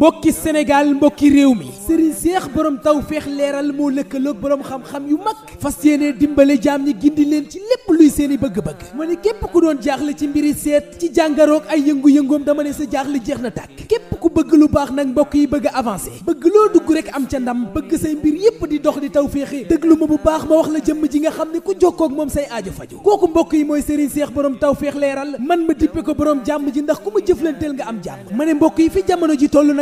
mbokki sénégal mbokki réew mi sëriñ seex borom taw feex leeral moo lëkkaloog boroom xam-xam yu mag fas yéene dimbale jaam ñi gindi leen ci lépp luy seeni bëgg-bëgg ma ne képp ku doon jaaxle ci mbiri seet ci jàngaroog ay yëngu-yëngoom dama ne sa jaaxle jeex na tàkk képp ku bëgg lu baax nag mbokk yi bëgg a avancé bëgg loo dugg rek am ca ndam bëgg say mbir yépp di dox di taw féexe déglu ma bu baax ma wax la jëmm ji nga xam ne ku jokkoo ak moom say aajo faju kooku mbokk yi mooy sëriñ seex borom taw feex leeral ma dippe ko borom jàmm ji ndax ku ma mbokk yi fi jamono ji tollu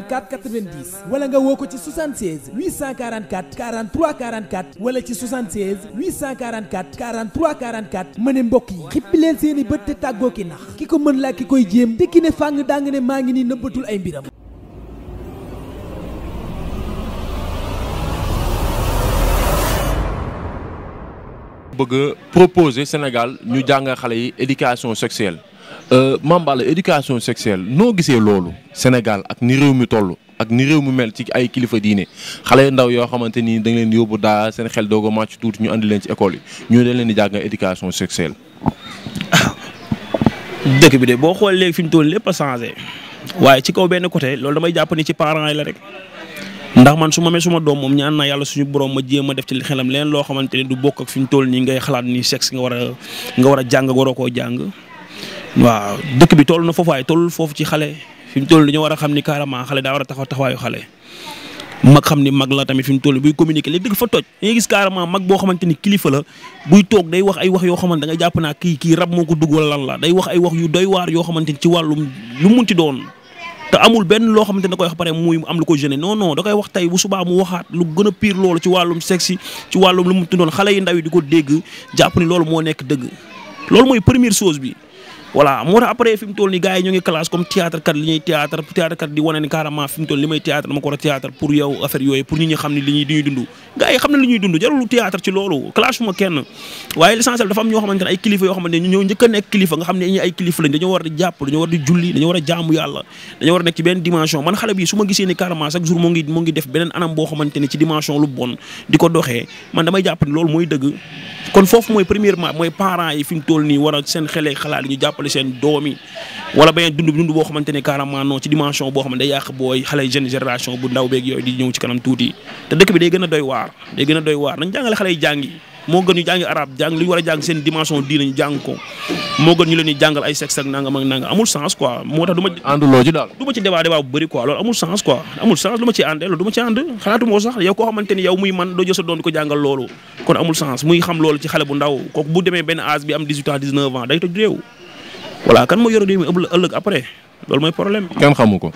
844 wala nga woo ko ci 76 844 43 44 wala ci 76 844 43 44 ma ne mbokk yi xippileen seeni bët te tàggoo ki nax ki ko mën laa ki koy jéem te ki ne fànn daa nga ne maa ngi nii nëbbatul ay mbiram. bëgg Sénégal ñu jàngal xale yi éducation Euh, Mame Balla éducation sexuelle noo gisee loolu Sénégal ak ni réew mi toll ak ni réew mi mel ci ay kilifa diine xale ndaw yoo xamante ni dañ leen yóbbu daa seen xel doog macc tuuti ñu andi leen ci école yi ñu dañ leen di jàng éducation sexuelle. dëkk bi de boo xoolee fi mu toll lépp a waaye ci kaw benn côté loolu damay jàpp ni ci parents yi la rek. ndax man su ma mee suma doom ñaan naa yàlla suñu borom ma jéem a def ci xelam leen loo xamante ne du bokk ak ñu toll nii xalaat ni sexe nga war a nga war a jàng waroo koo jàng waaw dëkk bi toll na foofu waaye tollul foofu ci xale fi mu toll ñu war a xam ni carrément xale daa war a taxawaayu xale. mag xam ni mag la tamit fi mu toll buy communiquer léegi dëgg fa toj da ngay gis carrément mag boo xamante ni kilifa la buy toog day wax ay wax yoo xamante da jàpp naa kii kii rab moo ko lan la day wax ay wax yu doy waar xamante ni ci wàllum lu munti doon. te amul benn loo xamante ne da koy wax pare muy am lu ko gêné non non da koy wax tey bu subaa mu waxaat lu gën a pire loolu ci wàllum sexe ci wàllum lu mu tuddoon xale yu ndaw yi di ko dégg jàpp ni loolu moo nekk dëgg loolu mooy première chose bi voilà moo tax après fi mu nii gars yi ñu ngi classe comme théâtre kat li ñuy théâtre théâtre kat di wane ni carrément fi mu li may théâtre ma ko war a théâtre pour yow affaire yooyu pour nit ñi xam ne li ñuy li ñuy yi xam ne li ñuy dund jarul théâtre ci loolu classe ma kenn waaye l'essentiel dafa am ñoo xamante ne ay kilifa yoo xamante ne ñoo njëkk a nekk kilifa nga xam ne ñi ay kilifa lañ dañoo war di jàpp dañoo war di julli dañoo war a jaamu kon foofu mooy premièrement mooy parents yi fi mu toll nii war a seen xelee xalaat yi ñu jàppale seen doom yi wala beneen dund dund boo xamante ne carrément non ci dimension boo xam ne day yàq booy xale jeune génération bu ndaw beeg yooyu di ñëw ci kanam tuuti te dëkk bi day gën a doy waar day gën a doy waar nañ jàngale xale yi jàngi moo gën ñu jàngi araab jàng li ñu war a jàng seen dimension diine ñu jàng ko moo gën ñu leen di jàngal ay sexe ak nangam amul sens quoi moo tax du ma. ànduloo ci daal du ma ci débat débat bu bëri quoi loolu amul sens ma ci ànd loolu du ma ci ànd xalaatu moo sax yow muy ko jàngal loolu kon amul sens muy xam loolu ci xale bu ndaw ko bu demee benn âge bi am 18 ans 19 ans day toj réew voilà kan moo yore réew mi ëllëg après loolu mooy problème. kenn xamu ko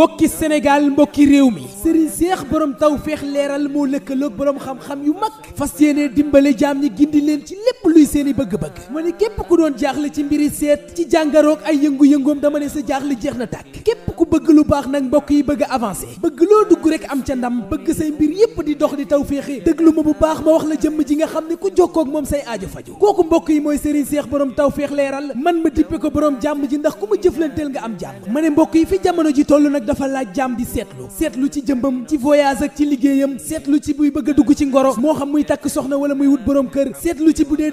mbokki Sénégal mbokki réew mi Serigne Seex borom taw feex leeral moo lëkkaloog borom xam-xam yu mag fas yéene dimbale jaam ni gindi leen ci luy seeni bëgg-bëgg ma ne képp ku doon jaaxle ci mbiri seet ci jàngaroog ay yëngu-yëngoom dama ne sa jaaxle jeex na tàkk képp ku bëgg lu baax nag mbokk yi bëgg a bëgg loo dugg rek am ca ndam bëgg say mbir yépp di dox di taw féexe déglu ma bu baax ma wax la jëmm ji nga xam ne ku jokkoo ak moom say aajo faju kooku mbokk yi mooy Serigne Cheikh borom taw féex leeral man ma dippe ko borom jàmm ji ndax ku ma jëflanteel nga am jàmm ma ne mbokk yi fi jamono ji toll nag dafa laaj jàmm di seetlu seetlu ci jëmbam ci voyage ci liggéeyam seetlu ci ci ngoro moo xam muy takk soxna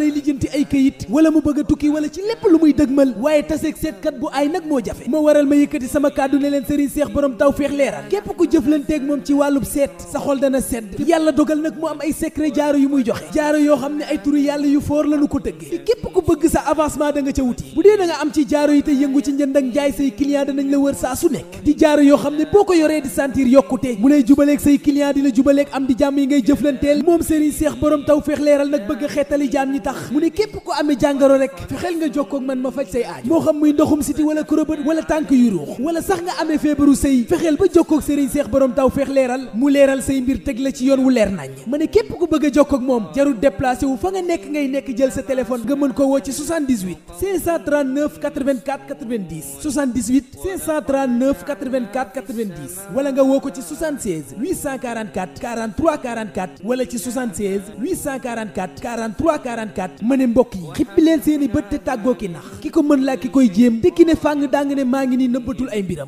waree lijjanti ay kayit wala mu bëgg a tukki wala ci lépp lu muy dëgmal waaye taseeg seetkat bu ay nag moo jafe moo waral ma yëkkati sama kàddu ne leen sëriñ seex borom taw feex leeral képp ku jëflanteeg moom ci wàllub seet sa xol dana sedd yàlla dogal nag mu am ay secret jaaro yu muy joxe jaaro yoo xam ne ay turu yàlla yu foor lañu ko tëggee képp ku bëgg sa avancement da nga ca wuti bu dee da nga am ci jaaro yi te yëngu ci njënd ak njaay say client danañ yoo xam ne boo ko yoree di sentir yokkute mu lay jubaleeg say client di la jubaleeg am di mu ne képp ku amee jàngaro rek fexeel nga jokkoo ak man ma faj say aaj moo xam muy ndoxum siti wala kurobët wala tànk yu ruux wala sax nga ame feebaru sëy fexeel ba jokkoo ak Serigne Cheikh borom taw feex leeral mu leeral say mbir teg la ci yoon wu leer nañ ma ne képp ku bëgg a jokkoo moom jarul déplacé wu fa nga nekk ngay nekk jël sa téléphone nga mën ko woo ci 78 539 84 90 78 539 84 90 wala nga woo ko ci 76 844 43 44 wala ci 76 844 43 44 ma ne mbokk yi xippi leen seen i bët te tàggoo ki nax ki ko mën laa ki koy jéem te ki ne fàng daa ne maa ngi nii nëbbatul ay mbiram